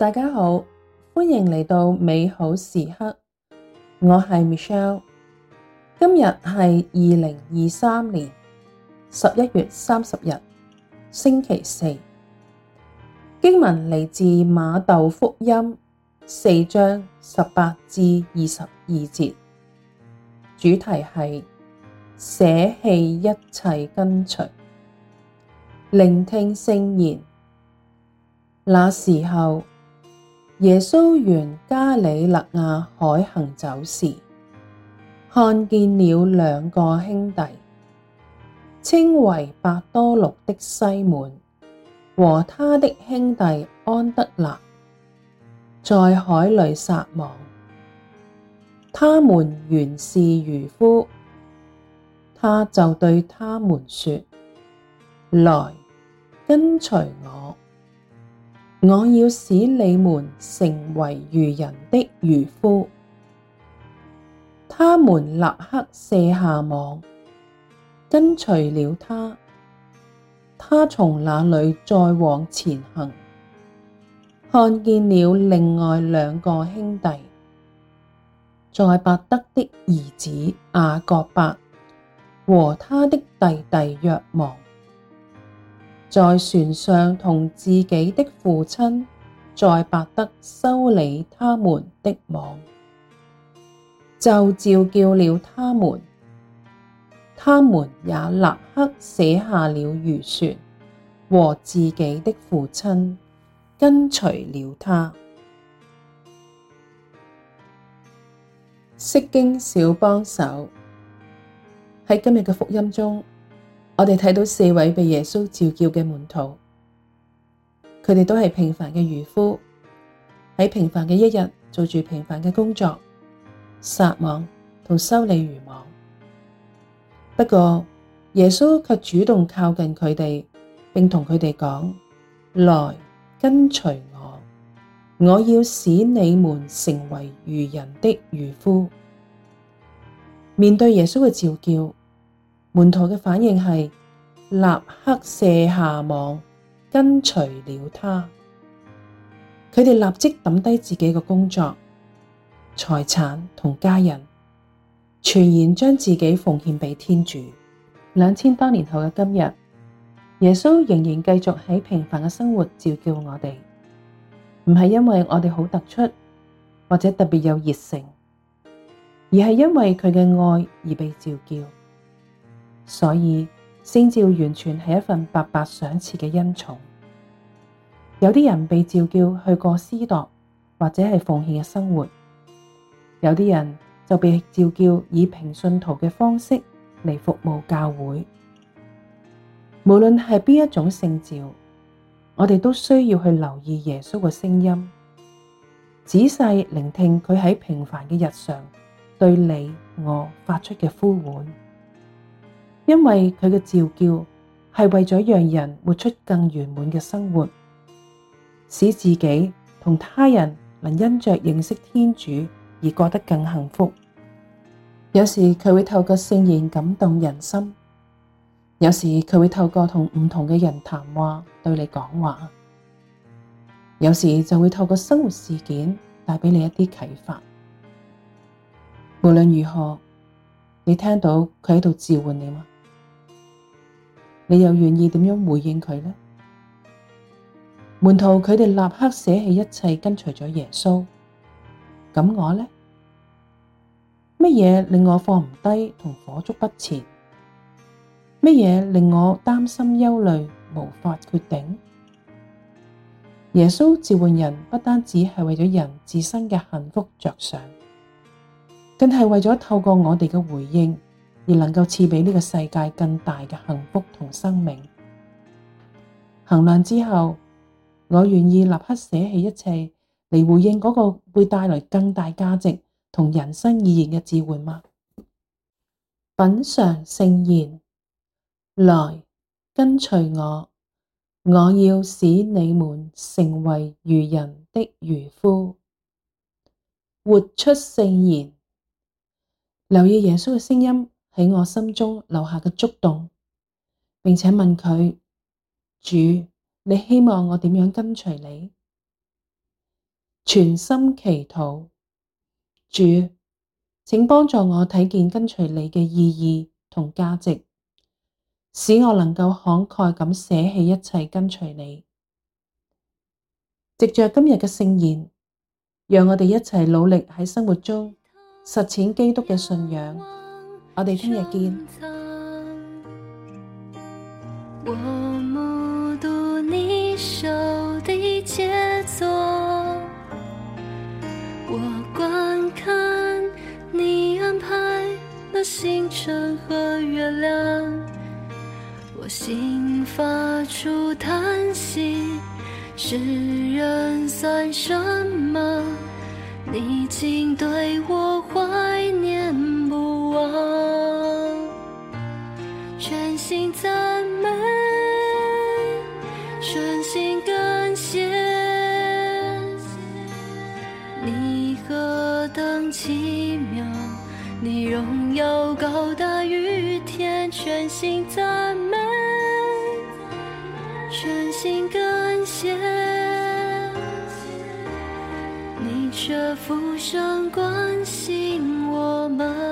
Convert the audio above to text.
大家好，歡迎嚟到美好時刻。我係 Michelle，今日係二零二三年十一月三十日，星期四。經文嚟自馬竇福音四章十八至二十二節，主題係捨棄一切跟隨，聆聽聖言。那時候，耶穌沿加里肋亞海行走時，看見了兩個兄弟，稱為伯多祿的西滿和他的兄弟安德肋，在海裏撒網。他們原是漁夫，他就對他們說：來，跟隨我。我要使你們成為漁人的漁夫，他們立刻捨下網，跟隨了他。他從那裏再往前行，看見了另外兩個兄弟，載伯德的兒子雅各伯和他的弟弟若望。在船上同自己的父親載伯德修理他們的網，就召叫了他們，他們也立刻捨下了漁船和自己的父親跟隨了他。釋經小幫手，喺今日嘅福音中。我哋睇到四位被耶穌召叫嘅門徒，佢哋都係平凡嘅漁夫，喺平凡嘅一日做住平凡嘅工作，撒網同修理漁網。不過耶穌卻主動靠近佢哋，並同佢哋講：來跟隨我，我要使你們成為漁人的漁夫。面對耶穌嘅召叫，門徒嘅反應係立刻捨下網，跟隨了他。佢哋立即抌低自己嘅工作、財產同家人，全然將自己奉獻俾天主。兩千多年後嘅今日，耶穌仍然繼續喺平凡嘅生活召叫我哋，唔係因為我哋好突出或者特別有熱誠，而係因為佢嘅愛而被召叫。所以聖召完全係一份白白賞賜嘅恩寵。有啲人被召叫去過司鐸，或者係奉獻嘅生活，有啲人就被召叫以平信徒嘅方式嚟服務教會。無論係邊一種聖召，我哋都需要去留意耶穌嘅聲音，仔細聆聽佢喺平凡嘅日常對你我發出嘅呼喚。因為佢嘅召叫係為咗讓人活出更圓滿嘅生活，使自己同他人能因着認識天主而過得更幸福。有時佢會透過聖言感動人心，有時佢會透過同唔同嘅人談話對你講話，有時就會透過生活事件帶畀你一啲啟發。無論如何，你聽到佢喺度召喚你嗎？你又願意點樣回應佢呢？門徒佢哋立刻捨棄一切跟隨咗耶穌，咁我呢？乜嘢令我放唔低同裹足不前？乜嘢令我擔心憂慮，無法決定？耶穌召喚人不單止係為咗人自身嘅幸福着想，更係為咗透過我哋嘅回應。而能夠賜俾呢個世界更大嘅幸福同生命。衡量之後，我願意立刻捨棄一切嚟回應嗰個會帶來更大價值同人生意義嘅召喚嗎？品嘗聖言，來跟隨我，我要使你們成為漁人的漁夫，活出聖言，留意耶穌嘅聲音。喺我心中留下嘅觸動，並且問佢：主，你希望我點樣跟隨你？全心祈禱，主，請幫助我睇見跟隨你嘅意義同價值，使我能夠慷慨咁捨棄一切跟隨你。藉着今日嘅聖言，讓我哋一齊努力喺生活中實踐基督嘅信仰。我，天見我目睹你你你手的傑作，我我觀看你安排的星辰和月亮，我心發出嘆息。世人算什麼？你竟對我懷。心感謝，你卻俯身關心我們。